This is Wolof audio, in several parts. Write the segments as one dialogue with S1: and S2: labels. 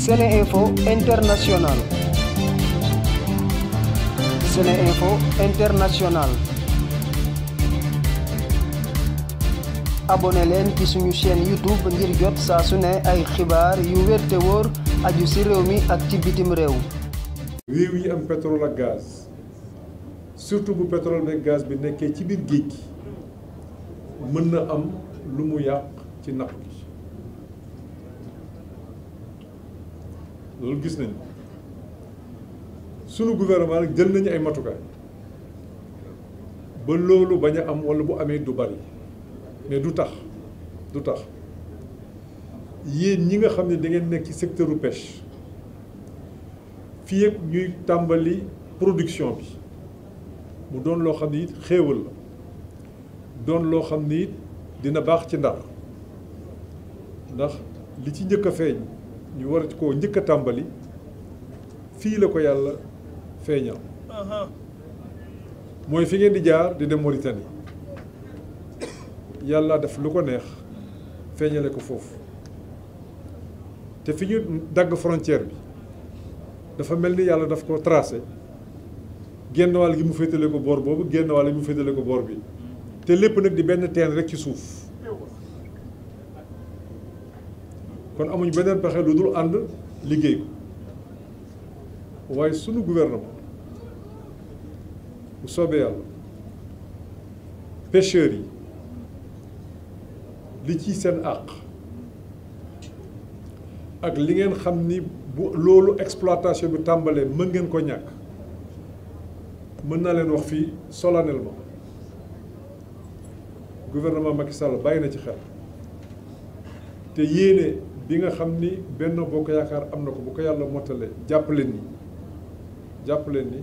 S1: Sene Info International Sene International abonné leen ci suñu chaîne YouTube ngir jot saa su ne ay xibaar yu wér te wóor aju ci réew mi
S2: ak ci bitim réew réew yi am pétrole ak gaz surtout bu pétrole bi ak gaz bi nekkee ci biir géej gi mën na am lu mu ci napp gi loolu gis nañu sunu gouvernement nag jël nañu ay matukaay ba loolu bañ a am walla bu amee du bari mais du tax du tax yéen ñi nga xam ne dangeen nekk ci secteur u pêche fii ak ñuy tàmbali production bi mu doon loo xam ne xéewal la doon loo xam ni it dina baax ci Ndar ndax li ci njëkk a feeñ ñu war koo njëkk a tàmbali fii la ko yàlla feeñal uh-huh. mooy fi ngeen di jaar di dem Mauritanie yàlla def lu ko neex feeñale ko foofu te fi ñu dagg frontière bi dafa mel ni yàlla daf ko tracé génn wàll gi mu féetale ko boor boobu génn wàll gi mu féetale ko boor bi te lépp nag di benn teen rek ci suuf kon amuñ beneen pexee lu dul ànd liggéey ko waaye sunu gouvernement bu soobee yàlla pêcheurs yi li ci seen àq ak li ngeen xam ni bu loolu exploitation bi tàmbalee mën ngeen ko ñàkk mën naa leen wax fii solennellement gouvernement Macky Sall bàyyi na ci xel te yéene bi nga xam ni benn boo ko yaakaar am na ko bu ko yàlla mottale jàpp leen ni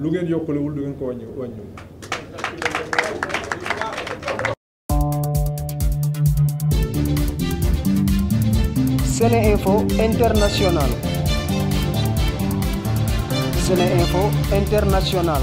S2: lu ngeen yokkalewul du ngeen ko wàññi wàññiwul
S1: SeneInfo International SeneInfo International